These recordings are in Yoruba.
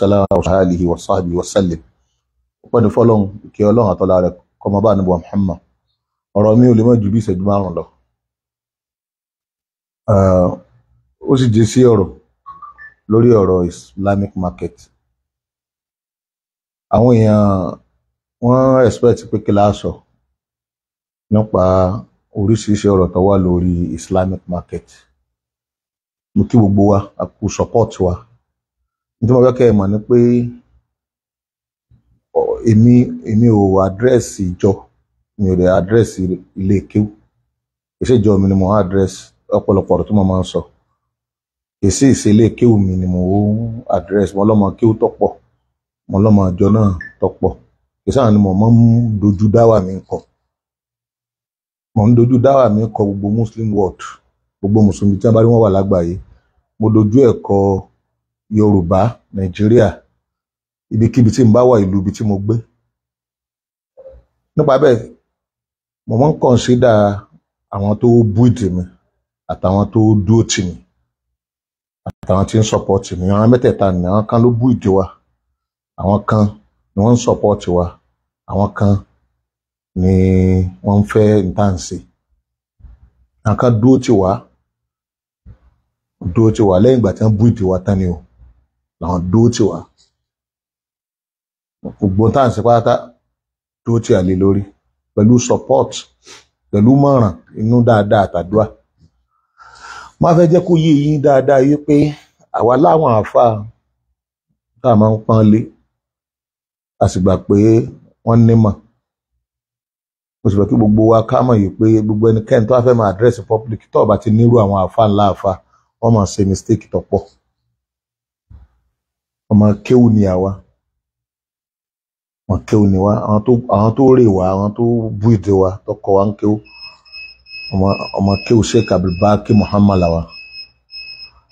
alihi wa sahbihi wa sallim ọpẹ́ ní fọ́lọ́run ìkẹ́ Ọlọ́run àtọlá rẹ̀ kọmọ bá níbo Muhammad ọ̀rọ̀ mi ò lè mọ ju bí ìṣẹ́jú márùn lọ ó sì jẹ́ sí ọ̀rọ̀ lórí ọ̀rọ̀ Islamic market àwọn èèyàn wọ́n expect pé kí la sọ nípa oríṣiríṣi ọ̀rọ̀ tó wà lórí Islamic market mo kí gbogbo wa a support wa nítorí wọn kẹ́kẹ́ mọ̀ ni pé èmi èmi ò àdírẹ́sì ìjọ mi ò lè àdírẹ́sì ilé kéwù ìṣèjọ mi ni mo àdírẹ́sì ọ̀pọ̀lọpọ̀ ọ̀rọ̀ tó mo máa ń sọ èsì ìṣẹ̀lẹ̀ kéwù mi ni mo àdírẹ́sì mo lọ́mọ kéwù tọ́pọ̀ mo lọ́mọ ìjọ náà tọ́pọ̀ èsì àwọn ni mo máa ń dojú dáwà mi kọ mo ń dojú dáwà mi kọ gbogbo muslim world gbogbo mùsùlùmí tí wọn bá rí wọn wà lágbàáyé mo dojú ẹ̀ yorùbá nàìjíríà ibikíbi tí n bá wà ìlú ibi tí mo gbé nípa bẹ́ẹ̀ mo máa ń kọ̀nsídà àwọn tó búìdì mi àtàwọn tó dúró tì mí àtàwọn tí ń sọpọ́ọ̀tì mi àwọn mẹ́tẹ̀ẹ̀ta ni àwọn kan ló búìdì wa àwọn kan ni wọ́n ń sọpọ́ọ̀tì wa àwọn kan ni wọ́n ń fẹ́ ìtànsì àwọn kan dúró tì wá dúró tì wá lẹ́yìn ìgbà tí wọ́n búìdì wa tán ni o làwọn dúró tì wá gbogbo tá à ń ṣe pátá dúró àlè lórí pẹ̀lú support pẹ̀lú mọ̀ràn inú dáadáa àtàdúrà má fẹ́ jẹ́ kó yé yín dáadáa yí pé àwa láwọn àáfàá tá a máa ń pọ́n lé a sì gbà pé wọ́n nímọ̀ mo sì fẹ́ kí gbogbo wa ká mọ̀ yìí pé gbogbo ẹnikẹ́ni tó wá fẹ́ máa àdírẹ́sì public tó bá ti nírú àwọn àáfàá ńlá àáfàá wọ́n máa ṣe mistake tó ọmọ kéwù ni àwa ọmọ kéwù ni wa àwọn tó àwọn tó rè wá àwọn tó búìdì wa tọkọ wa ń kéwù ọmọ ọmọ kéwù sheikh abdulbaki muhammad lawa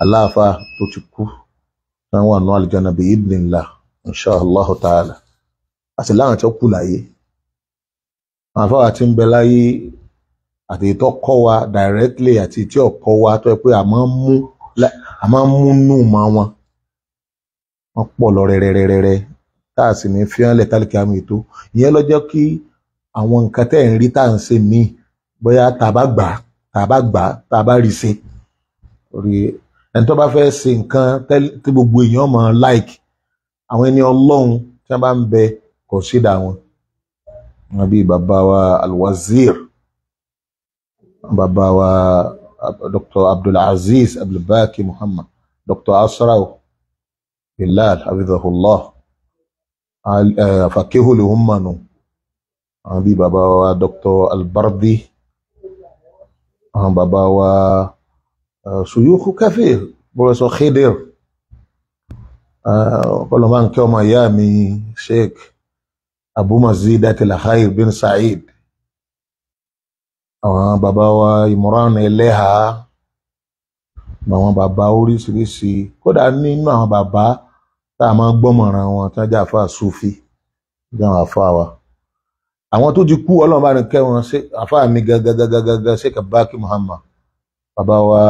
aláàfà tó ti kú náà wà nù alìjánà bíi idinla inshallah ta'ala àti láwọn tó kù láyé àwọn afáwà ti ń bẹ láyé àti tó kọ́ wa directly àti tí ò kọ́ wa tó yẹ pé a ń mú nù mọ́ wọn wọ́n pọ̀ lọ rẹ̀rẹ̀rẹ̀rẹ̀ tá a sì ní fíọ́nlẹ̀ tálíkì àmì ètò ìyẹn ló jẹ́ kí àwọn nǹkan tẹ́ ẹ̀ ń rí tá à ń ṣe míì bóyá tá a bá gbà tá a bá gbà tá a bá rí ṣe rí ẹni tó bá fẹ́ ṣe nǹkan tí gbogbo èèyàn mọ̀ like àwọn ẹni ọlọ́run tí wọ́n bá ń bẹ kò sídà wọn wọn bíi bàbá wa alwazir bàbá wa dr abdulaziz abdulbaki muhammad dr asrau Bilal abidahullah eh, fakihul ummanu àwọn bíi bàbá wa Dr. Albardi àwọn bàbá wa eh, suyukhu kafir bọ́lọ́sọ Khidir eh, ọpọlọmọ nkẹ́ ọmọ ìyá mi Sheikh Abu Mazid atilakhair bin Said àwọn bàbá wa Imran Eleha àwọn bàbá oríṣiríṣi kódà nínú àwọn bàbá tá a máa gbọ́mọ̀ràn wọn tí wọ́n jẹ́ àfa sufi jẹ́ àwọn àfa wa àwọn tó ti kú ọlọ́run bá ní kẹ́ wọn àfa mi gàgàgàgàgà ṣe kàbákì muhammad bàbá wa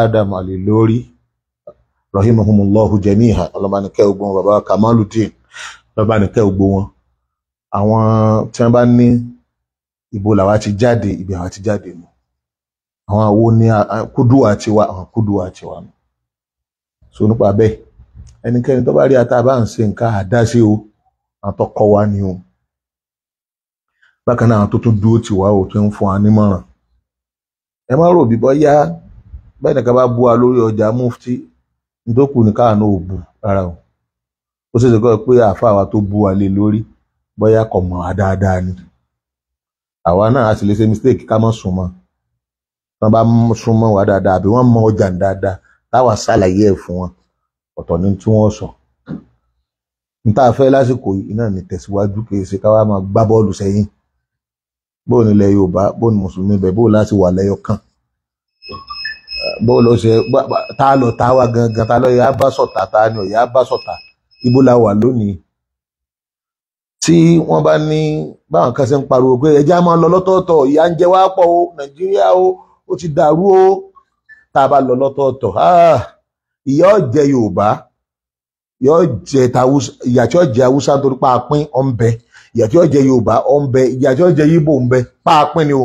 adam ali lórí rahimahumullahu jamiha ọlọ́run bá ní kẹ́ gbogbo wọn bàbá wa kamaludin ọlọ́run bá ní kẹ́ gbogbo wọn àwọn tí wọ́n bá ní ibo làwa ti jáde ibi àwa ti jáde mu àwọn àwo ní kúdùwà tiwa àwọn kúdùwà tiwa so nípa bẹ́ẹ̀. ẹnikẹ́ni tó bá rí ata bá ń se nǹkan àdáṣe o àwọn ni o bákan náà àwọn tó tún dúró tì wá o tó ń fún wa nímọ̀ràn ẹ má rò bí bóyá bẹ́ẹ̀ nìkan bá lórí ọjà mufti nítòkù ní káàánú ò bù rárá o ó sì ṣe kọ́ pé àáfàá wa tó wa lé lórí ni àwa náà a sì lè ṣe mistake ká sùn mọ́ wọ́n bá sún mọ́ wa dáadáa àbí wọ́n mọ ọjà dáadáa ọ̀tọ̀ ní tí wọ́n sọ n tá a fẹ́ lásìkò yìí náà ní tẹ̀síwájú kì í ṣe káwá máa gbá bọ́ọ̀lù sẹ́yìn bóò nílẹ̀ Yorùbá bóò ní mùsùlùmí bẹ̀ bóò láti wà lẹ́yọ kan bóò ló ṣe tá a lọ tá a wá gangan tá a lọ yà á bá sọ̀tà tá a ní ọ̀yà bá sọ̀tà ibo la wà lónìí tí wọ́n bá ní báwọn kan ṣe ń pariwo pé ẹjẹ́ máa lọ lọ́tọ̀ọ̀tọ̀ ìyà ń jẹ wá pọ̀ o Nàìjíríà o ó ti dàrú o tá a bá lọ lọ́tọ̀ọ̀tọ̀ ah, ìyá ọ̀jẹ̀ yorùbá ìyá ọ̀jẹ̀ ìyá tí ọ̀jẹ̀ haúsá nítorí pa àpín ọ̀nbẹ ìyá tí ọ̀jẹ̀ yorùbá ọ̀nbẹ ìyá tí ọ̀jẹ̀ yíbò ọ̀nbẹ pa àpín ni o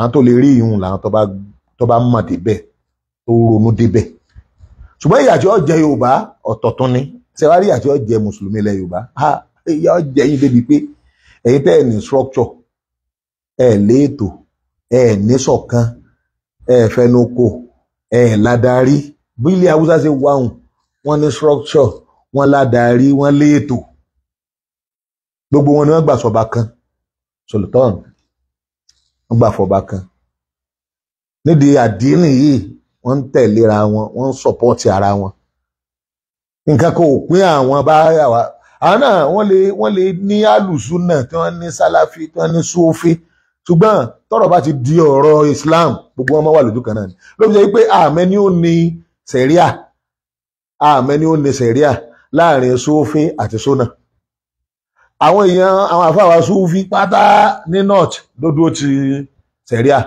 àwọn tó lè rí ìhun làwọn tó bá mọ̀ débẹ̀ tó ronú débẹ̀ ṣùgbọ́n ìyá tí ọ̀jẹ̀ yorùbá ọ̀tọ̀tún ni ṣẹwárí ìyá tí ọ̀jẹ̀ mùsùlùmí ilẹ̀ yorùbá ìyá ọ̀jẹ̀ yín débi pé ẹ̀yin tẹ́ ẹ̀ ní structure ẹ̀ léètò ẹ̀ ní ṣọ̀kan ẹ̀ fẹnukò ẹ̀ ládarí bí ilé haúsá ṣe wàhùn wọn ní structure wọn ládàárí wọn léètò gbogbo wọn ni wọn gbà sọba kan Sultan wọn gbà fọba kan nídìí àdínì yìí wọn ń tẹ̀léra wọn wọn ń sọpọ́ọ̀tì ara wọn nǹkan kan ò pín àwọn bá àwa àná wọn lè wọn lè ní alùsùnà tí wọn ní sálàfí tí wọn ní sófí ṣùgbọ́n tọ́rọ̀ bá ti di ọ̀rọ̀ Islam gbogbo wọn máa wà lójú kan náà ni ló pé àmẹ ni ó ní sẹ̀ríà àmẹ́ni ó ní sẹ̀ríà láàrin sófin àti sónà àwọn èèyàn àwọn àfáàwà sófin pátá ní north lódó ti sẹ̀ríà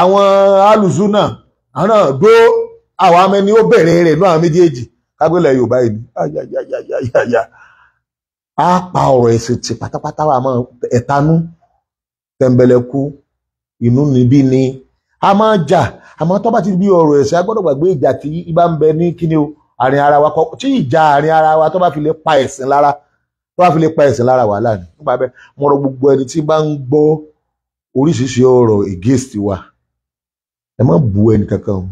àwọn alùsúnà àwọn náà dó àwọn amẹ́ni ó bẹ̀rẹ̀ rẹ̀ ní àwọn méjèèjì kágbélẹ̀ Yorùbá yìí a pa ọ̀rọ̀ ẹ̀sìn tì pátápátá wa máa ẹ̀tanú tẹ̀m̀bẹ̀lẹ̀kú inú níbí ni a máa jà àmọ́ tó bá ti bí ọ̀rọ̀ ẹ̀sìn a gbọ́dọ̀ gbàgbé ìjà tí ibà ń bẹ ní kíni o àárín ara wa kọ́ tí ìjà àárín ara wa tó bá fi lè pa ẹ̀sìn lára tó bá fi lè pa ẹ̀sìn lára wàhálà ni nípa bẹ́ẹ̀ mo rọ gbogbo ẹni tí bá ń gbọ́ oríṣiríṣi ọ̀rọ̀ against wa ẹ má bu ẹnì kankan o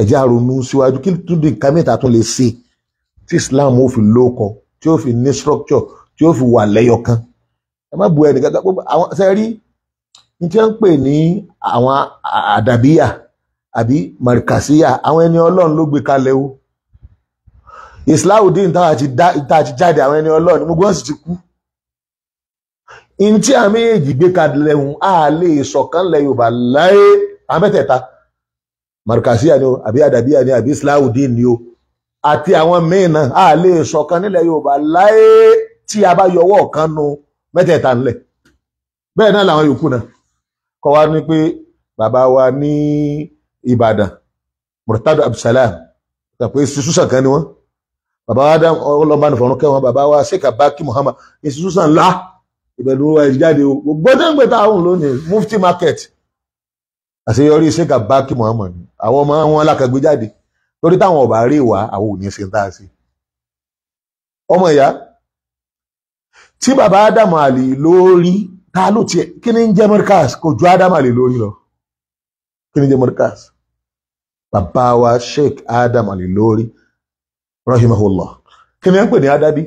ẹ àrònú síwájú kí tún di nǹkan mẹ́ta tún lè ṣe tí Islam ó fi lóko tí ó fi ní structure tí ó fi wà lẹ́yọ̀kan ẹ má bu ẹnì kankan gbogbo àwọn sẹ́rí ní tí wọ́n ń pè ní àwọn àdàbíyà àbí mọ̀rìkàsíyà àwọn ẹni ọlọ́run ló gbé kalẹ̀ o islahudeen táwa ti dá tá a ti jáde àwọn ẹni ọlọ́run gbogbo wọn sì ti kú ní tí àwọn méjèèjì gbé kalẹ̀ ọ̀hún a lè sọ̀kan lẹ̀ yorùbá láyé àwọn mọ̀rìkàsíyà ni o àbí àdàbíyà ni àbí islahudeen ni o àti àwọn míì náà a lè sọ̀kan nílẹ̀ yorùbá láyé tí a bá yọwọ́ ọ̀kan nu mẹ́tẹ̀ẹ̀ta nílẹ̀ bẹ́ẹ̀ náà làwọn yòókù náà kọ́ wa ní pé bàbá wa ní Ìbàdàn Murtado Abdulsalam tàpé sísúsàn kan ni wọ́n bàbá wa dáhùn ọlọ́mọ ànàfọ̀rún kẹwọn bàbá wa Sheikh Abaki Muhammad ní sísúsàn ńlá ìbẹ̀rù wa ìjáde o gbọ́dọ̀ ń gbẹ̀ta àwọn lónìí mufti market àṣeyọrí Sheikh Abaki Muhammad àwọn ọmọ wọn alákàgbé jáde torí táwọn ọba rí wa àwọn ò ní ṣe ń tá a ṣe ọmọ ìyá tí bàbá Ádámù Àlì lórí ta ló tiẹ̀ kí ni ń jẹ́ Markaz kò ju ádámà lè lórí lọ kí ni ń jẹ́ Markaz bàbá wa sheik ádámà lè lórí rahimahullah kí ni ń pè ní ádábí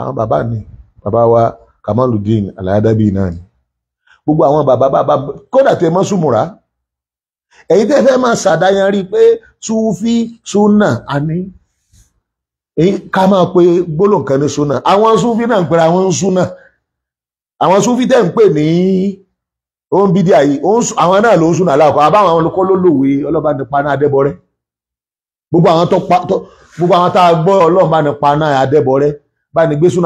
àwọn bàbá ni bàbá wa kamaludin aládábí náà ni gbogbo àwọn bàbá bàbá kódà tẹ mọ́ súnmùrà èyí tẹ́ fẹ́ máa ṣàdáyan rí pé sufi sunna àní ká máa pe gbólóǹkan ní sunna àwọn sufi náà ń pera wọn ń àwọn súnfí npe ń pè ní òun bídí àwọn náà ló ń súnà aláàkọ́ àbáwọn olùkọ́ ló lòwe ọlọ́ba nípa náà adẹ́bọrẹ́ gbogbo àwọn àwọn tá a gbọ́ ọlọ́ba nípa náà bá ní gbé àwọn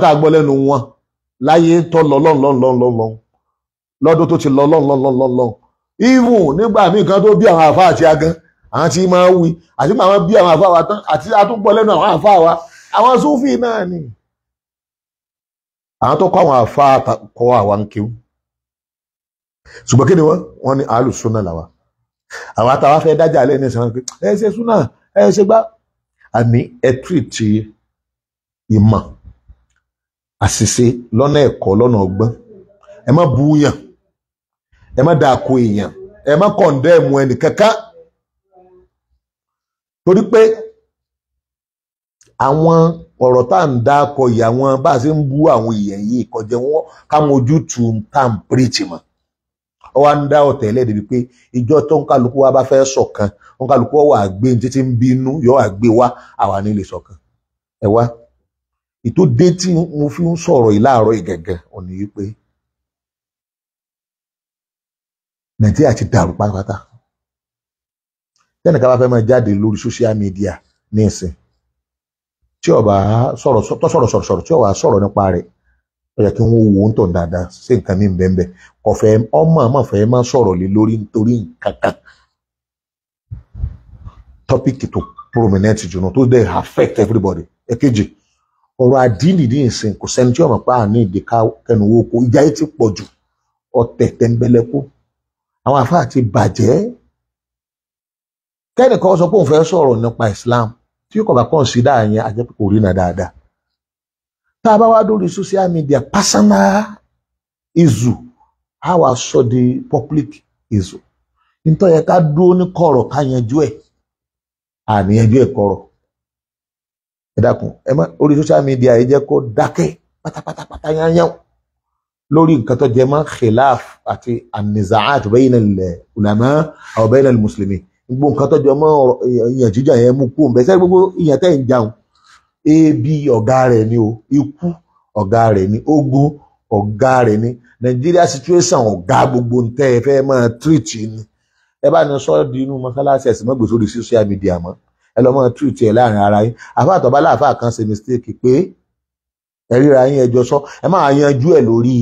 tá a gbọ́ lẹ́nu wọn láyé tó lọ lọ́dún tó ti lọ nígbà míì kan tó bí àwọn àfa àwọn súfì náà ni àwọn tó kọ́ àwọn àfa kọ́ àwa ń kíw ṣùgbọ́n kí ni wọ́n wọ́n ní àálù súnà làwa àwọn àtàwọn afẹ́ dájà alẹ́ ní ìsàn ẹ ṣe súnà ẹ ṣe gbá àní ẹ tírìtì ìmọ̀ àṣìṣe lọ́nà ẹ̀kọ́ lọ́nà ọgbọ́n ẹ má bú yàn má dàkó èèyàn ẹ má kọ̀ǹdẹ́ẹ̀mù ẹnì kankan torí pé àwọn ọ̀rọ̀ tá à ń dá akọ yìí àwọn bá a ṣe ń bú àwọn èèyàn yìí kọjá wọn ká mojú tu tá à ń píríìtì mọ́ ọ wá ń dá ọ̀tẹ̀ ẹlẹ́dẹ̀ bíi ìjọ tó ń kálukú wa bá fẹ́ ṣọ̀kan ń kálukú wa wà gbé ní títí ń bínú yọ wà gbé wá àwa ní lè ṣọ̀kan ẹ wá ètò dé tí mo fi ń sọ̀rọ̀ yìí láàárọ̀ ìgẹ̀gẹ̀ òní wípé nàìjíríà ti dàrú pátápátá tẹ́nìkan bá fẹ́ máa jáde lórí social media ní tí ọba sọ̀rọ̀ tó sọ̀rọ̀ sọ̀rọ̀ sọ̀rọ̀ tí ọba sọ̀rọ̀ nípa rẹ̀ ó yẹ kí wọ́n wo ń tọ̀ dáadáa ṣé nǹkan mi bẹ́ẹ̀ bẹ́ẹ̀ ọ̀fẹ́ ọmọ àmọ́ fẹ́ má sọ̀rọ̀ lé lórí nítorí nǹkan kan tọ́pìkì tó prominent jùlọ tó dẹ̀ affect everybody èkejì ọ̀rọ̀ àdínì ní ìsìn kò sẹ́ni tí ọmọ pa àní ìdíkà kẹnuwó kó ìjà yìí ti pọ̀ jù ọ̀tẹ̀ tẹ̀ńbẹ́lẹ́kú àwọn àfáà ti bàjẹ́ kẹ́nìkan sọ pé òun fẹ́ sọ̀rọ̀ nípa Islam tí kò bá consider yẹn àjẹpẹ́ kò rí náà dáadáa tá a bá wá dórí social media personal issue a wá sọ di public issue nítorí yẹ ká dúró ní kọ̀rọ̀ ká yanjú ẹ̀ àní yanjú ẹ̀ kọ̀rọ̀ ẹ dákun ẹ má orí social media yìí jẹ́ kó dákẹ́ pátápátápátá yányán lórí nǹkan tó jẹ mọ́ khilaf àti anizaat bayna al-ulama aw bayna al-muslimin gbogbo nǹkan tó jọ mọ́ ìyàn jíjà yẹn mú kú òǹbẹ sẹ́ni gbogbo ìyàn tẹ́ ń jaun ebi ọ̀gá rẹ̀ ni o ikú ọ̀gá rẹ̀ ni ogun ọ̀gá rẹ̀ ni Nàìjíríà situation ọ̀gá gbogbo ntẹ́ ẹ fẹ́ máa treat ni ẹ bá ní sọ́ọ́ di inú mọ́sálásí ẹ̀sìn mọ́gbè sórí social media mọ́ ẹ lọ́ máa treat ẹ láàrin ara yín àfa àtọ̀bá láàfà kan ṣe mistake pé ẹ ríra yín ẹjọ́ sọ ẹ máa yanjú ẹ lórí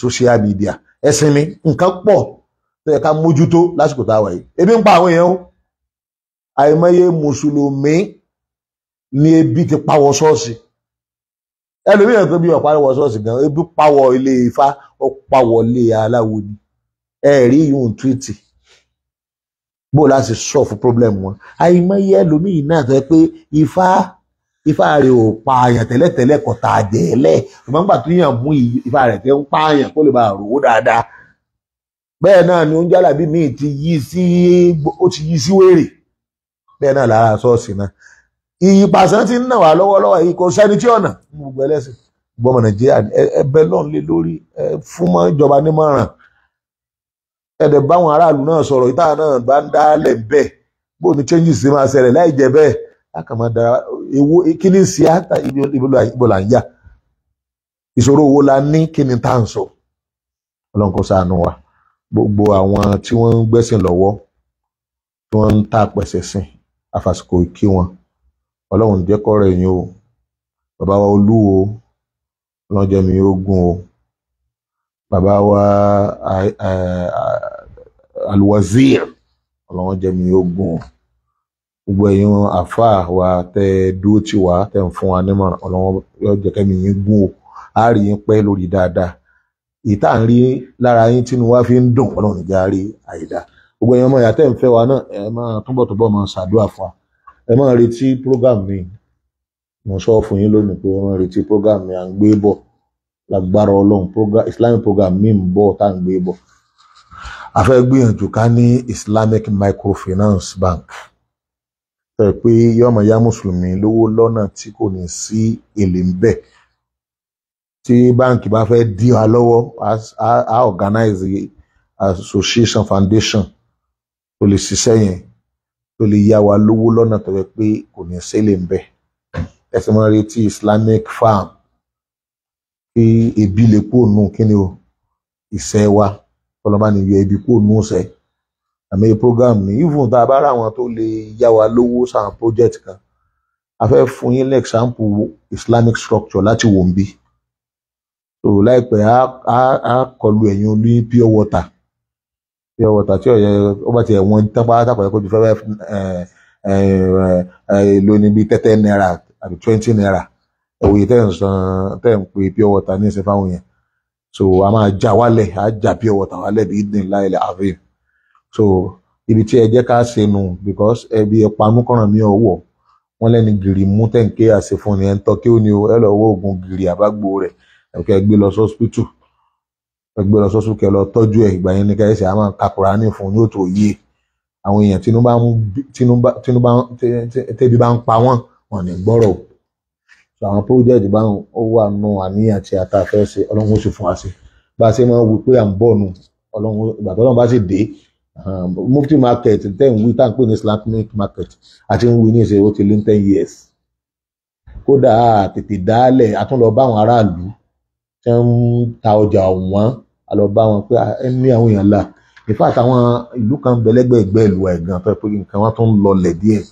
social media ẹ̀sìn mi nǹkan pọ̀ tó yẹ ká mójútó lásìkò tá a wà yìí ebi ń pa àwọn èèyàn o àìmọye mùsùlùmí ni ebi ti pawọ ṣọ́ọ̀ṣì ẹlòmíràn tó bí wọn pariwo ṣọ́ọ̀ṣì gan ebi pawọ ilé ifá ó pawọ ilé aláwo ni ẹ rí ìhun túwìtì bó láti sọ fún pírọblẹmù wọn àìmọye ẹlòmíì náà tó yẹ pé ifá ifá rẹ ò pa àyàn tẹ́lẹ̀tẹ́lẹ̀ kọ̀tà àjẹ́lẹ̀ ìmọ̀ǹgbà tó yàn mú ifá rẹ̀ tẹ́ ń pa àyàn kó lè bá rò ó dáadáa bẹ́ẹ̀ náà ni oúnjẹ alábí mi ti yí sí ó ti yí sí wèrè bẹ́ẹ̀ náà lára ṣọ́ọ̀ṣì náà ìyípasẹ̀ ti ń nà wá lọ́wọ́lọ́wọ́ yìí kò sẹ́ni tí ọ̀nà gbogbo ẹlẹ́sìn gbọmọ nàìjíríà ẹbẹ lọ́n lé lórí ẹ fún mọ́ ìjọba nímọ̀ràn ẹ̀dẹ̀ báwọn aráàlú náà sọ̀rọ̀ ìta náà bá ń dálẹ̀ bẹ́ẹ̀ bó ni changes ṣe máa ṣẹlẹ̀ láì jẹ́ bẹ́ẹ̀ lákàmọ́ dara ewo kí ni àtà ibo là ń yà ìṣòro wo la ní kí tá à ń sọ ọlọ́run kó wa gbogbo àwọn tí wọ́n ń gbẹ́sìn lọ́wọ́ tí wọ́n ń ta pẹ̀sẹ̀ sìn àfàsìkò kí wọn ọlọ́run jẹ́ kọ́rọ̀ ẹ̀yìn o bàbá wa olúwo ọlọ́jẹ̀mí ogun o bàbá wa eh, eh, alwazir ọlọ́jẹ̀mí ogun o gbogbo ẹ̀yin àfáà wa tẹ́ dúró tì wá tẹ́ ń fún wa nímọ̀ràn ọlọ́wọ́n yóò jẹ́ kẹ́mi yín gún o á rí yín pẹ́ lórí dáadáa ìta ń rí lára yín tínú wa fi ń dùn ọlọ́run ìjà rí àìdá gbogbo ẹ̀yàn ọmọ ìyá tẹ́ ń fẹ́ wa náà ẹ máa túbọ̀túbọ̀ máa ṣàdúrà fún wa ẹ máa retí program mi mo sọ fún yín lónìí pé ẹ máa retí program mi à ń gbé bọ̀ lágbára ọlọ́run islamic program mi ń bọ̀ tá à ń gbé bọ̀ a fẹ́ gbìyànjú ká ní islamic microfinance bank sọ pé yọmọ ya mùsùlùmí lówó lọ́nà tí kò ní sí èlé ń bẹ̀ tí báǹkì bá fẹ́ dí wa lọ́wọ́ a organize association foundation tó lè ṣiṣẹ́ yẹn tó lè yá wa lówó lọ́nà tó yẹ pé kò ní ṣẹlẹ̀ ń bẹ̀ ẹsẹ̀ mọ́ islamic farm kí ebi lè kó nù kí ni o ìṣẹ́ wa tọ́lọ́mà ní yọ ebi kó nù ṣẹ́ àmì program ní even tá a bá rà tó lè yá wa lówó sáwọn project kan a fẹ́ fún yín lẹ́ẹ̀ṣámpù islamic structure láti wò ń bí so láìpẹ́ á á á kọlu ẹ̀yin olú pure water pure water tí ọ̀yẹ́ ó bá ti ẹ̀wọ̀n tápá tápá yẹ kó ju five lónìí bíi tẹ́tẹ́ náírà àbí twenty naira. òye tẹ́ ń san tẹ́ ń pe pure water ní ìsìn fáwọn yẹn so a máa já wálẹ̀ a já pure water wálẹ̀ bí ìdìn láìlẹ̀ àfihàn so ibi tí ẹ jẹ́ ká ṣe nù because ẹbí ẹ pamú kọ́ràn mi ọ̀wọ̀ wọ́n lẹ́ni gìrì mú tẹ̀ǹké àṣefún ni ẹ̀ ń tọ́ kí ó ní ẹ lọ́ọ́ oògùn gìrì àbágbó rẹ̀ kẹ́ gbé lọ sọ́spítù ẹ gbé lọ sọ́spítù kẹ́ lọ tọ́jú ẹ̀ ìgbà yẹn ní kẹ́ ẹ̀sẹ̀ á máa ka Kùránì fún yóò tó yé àwọn èèyàn tinubu tẹbi bá ń pa wọ́n wọ́n ní gbọ́rọ̀ so àwọn pọ́jẹ́ẹ̀tì bá ń wà nù àníyàn tí a ta fẹ́ ṣe ọlọ́run ó sì fún wa sí bá a ṣe máa wí pé à ń bọ̀ nù ọlọ́run ìgbà tó ọlọ́run bá market tẹ́ ń wí tá à ń pè ní islamic market àti ń wí ní ìṣe ó ti lé ní ten years kódà tètè dálẹ̀ àtúnlọ bá àwọn aráàlú tí ń ta ọjà ọ̀wọ́n a lọ bá wọn pé ẹni àwọn èèyàn là in fact àwọn ìlú kan bẹ̀lẹ́gbẹ̀gbẹ́ ìlú àìgàn tó pé nǹkan wọn tó ń lọlẹ̀ díẹ̀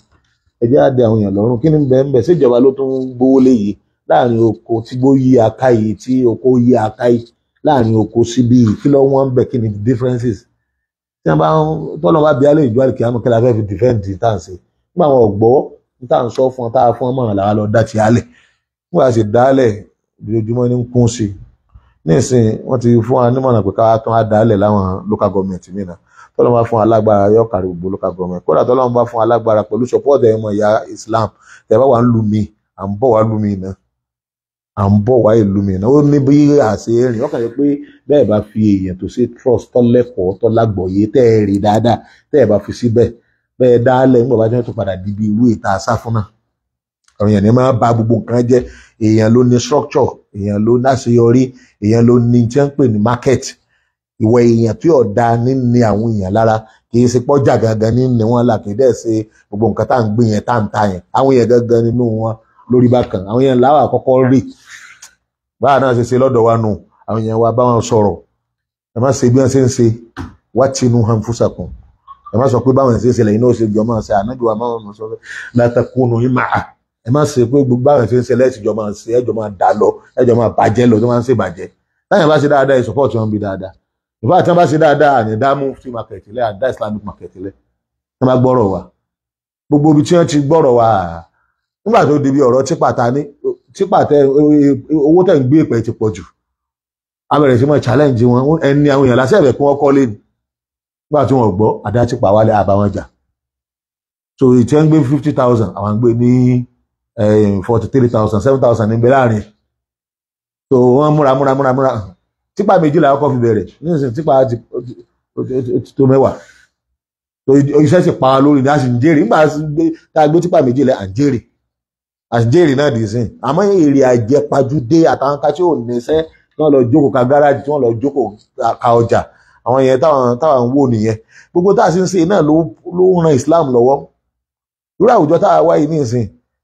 ẹ jẹ́ àdé àwọn èèyàn lọ́rùn kí ni bẹ́ẹ̀ ń bẹ̀ síjọba ló tún gbówó léyìí láàrin oko tí gbó yí aká yìí tí oko yí aká yìí láàrin oko síbí yìí kí lọ́wọ́ ń bẹ̀ kí ni differences tí wọ́n bá ń tọ́lọ́ bá bí alẹ́ ìjọ àlùkí àmọ́ kí la fẹ́ fi defend tá à ń ṣe nígbà wọn ọ̀gbọ́ tá à sọ fún ọ tá a fún ọmọ làwa lọ dá ti alẹ̀ nígbà sì dálẹ̀ ojoojúmọ́ ní ń kún sí i nísìn wọ́n ti fún wa nímọ̀ràn pé ká tún á dálẹ̀ láwọn local government mìíràn tọ́lọ́mọ bá fún alágbára yọ kárí gbogbo local government kódà tọ́lọ́mọ bá fún alágbára pẹ̀lú support ìyá Islam tẹ̀ bá wà ń lu mi à ń bọ̀ wá lu mi náà à ń bọ̀ wá ìlú mi náà ó ní bí àṣẹ rìn ọkàn yẹn pé bẹ́ẹ̀ bá fi èèyàn tó ṣe trust tọ́lẹ́kọ̀ọ́ tọ́lágbọ̀yé tẹ́ ẹ rí dáadáa tẹ́ ẹ bá fi síbẹ̀ bẹ́ẹ̀ àwọn èèyàn ní máa ba gbogbo nǹkan jẹ́ èèyàn ló ní structure èèyàn ló láṣeyọrí èèyàn ló ní tí wọ́n ń pè ní market ìwọ èèyàn tí ọ̀dà níní àwọn èèyàn lára kì í ṣe pọ́jà gangan níní wọn là kì í dẹ̀ ṣe gbogbo nǹkan tá à ń gbé yẹn tá à ń ta yẹn àwọn èèyàn gangan nínú wọn lórí bákan àwọn èèyàn láwà kọ́kọ́ rè báwa náà ṣe ṣe lọ́dọ̀ wa nù àwọn èèyàn wa bá wọn sọ̀rọ̀ ẹ má ṣe bí wọ́n ṣe ń ṣe wá tinú hanfusakun ẹ má sọ pé báwọn ṣe ń ṣe lẹ́yìn náà ṣe jọ máa ṣe ànájọ ẹ má ṣe pé gbogbo àwọn tí ń ṣe lẹ́sìn jọ máa ṣe ẹjọ́ máa dà lọ ẹjọ́ máa bàjẹ́ lọ tó máa ń ṣe bàjẹ́ táyà bá ṣe dáadáa ẹ support wọn bí dáadáa ìfọ àti wọn bá ṣe dáadáa àní dá mufti market lẹ àdá islamic market lẹ wọn bá gbọ́rọ̀ wa gbogbo ibi tí wọn ti gbọ́rọ̀ wa nígbà tó débi ọ̀rọ̀ típàtà ní típàtà owó tẹ̀ ń gbé ìpẹ́ ti pọ̀ jù abẹ̀rẹ̀ sí mọ́ challenge wọn ẹni àwọn èèyàn lásẹ̀ ẹ̀bẹ̀ kí wọ́n kọ́ lé nígbà tí wọ́n gbọ́ àdá ti pàwálẹ̀ àbáwọn jà so ìtẹ́ ń gbé fifty thousand àwọn ń gbé forty three thousand seven thousand nígbẹ́ láàrin so wọ́n múra múra múra múra tipa méjìlá ọkọ̀ fi bẹ̀rẹ̀ nísinsìnyí tipa ti tó mẹ́wàá so iṣẹ́ sì pa lórí ní àṣìjèrè nígbà tá a gbé tipa méjìlá àǹjèrè àṣìjèrè náà dì í sìn àmọ́ èrè àjẹpajúdé àtàwọn ká tí ò nẹsẹ́ tí wọ́n lọ jókòó ka gáràjì tí wọ́n lọ jókòó ka ọjà àwọn yẹn táwọn táwọn wò nìyẹn gbogbo tá a sì ń ṣe náà ló ń ran Islam lọ́wọ́ lórí àwùjọ tá a wáyé nísìnyí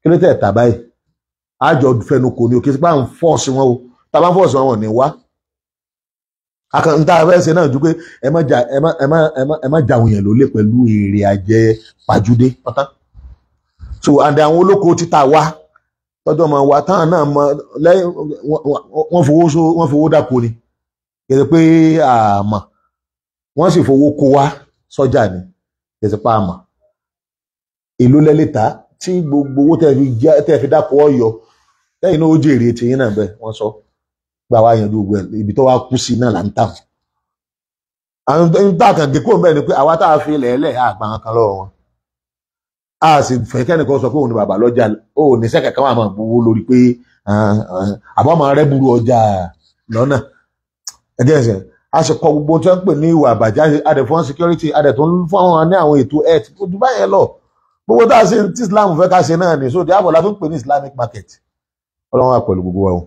kí ló tẹ̀ tà báyìí àjọ fẹnu kò ní òkè sí pé à ń fọ́ọ̀sì wọn o tá a bá ń fọ́ọ̀sì wọn wọn ní wá akàn tá ṣe náà ju pé ẹ má jà ẹ má pẹ̀lú èrè àjẹ pàjúdé pátá so àdé àwọn olóko ti ta wá tọjọ mọ wa táwọn náà mọ lẹ́yìn wọn fowó so wọn fowó dàpọ ni kìí pé àmọ́ wọn sì fowó kó wá sọ́jà ni kìí pa àmọ́ èló lẹ́lẹ́ta tí gbogbo owó tẹ́ fi dákọ̀ ọ̀yọ́ lẹ́yìn náà ó jèrè tìyín náà bẹ́ẹ̀ wọ́n sọ gbà wá yanjú gbẹ ibi tó wá kú sí náà là ń tà fún. àwọn tá a kàn gé kúrò bẹ́ẹ̀ ni pé àwa tá a fi lẹ́ẹ̀lẹ́ àgbà kan lọ́wọ́ wọn a sì fẹ́ kẹ́nìkan sọ pé òun ni bàbá lọ́jà ó ní sẹ́kẹ̀ kan wà máa gbowó lórí pé àbọ̀ máa rẹ́ burú ọjà lọ́nà ẹ̀jẹ̀ ẹ̀sẹ̀ a sì kọ gbogbo tí wọ́n ń pè ní ìwà àbàjá adẹ̀ fún security adẹ̀ tó ń fún àwọn ní àwọn ètò health ojú báyẹn lọ gbogbo tá a ṣe tí islam fẹ́ ká ṣe náà ni so diabo la fi ń pè ní islamic market ọlọ́run wa pẹ̀lú gbogbo wa o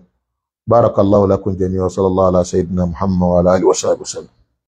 barakallahu lakum jami'an sallallahu ala sayyidina muhammad wa ala alihi wa sallam.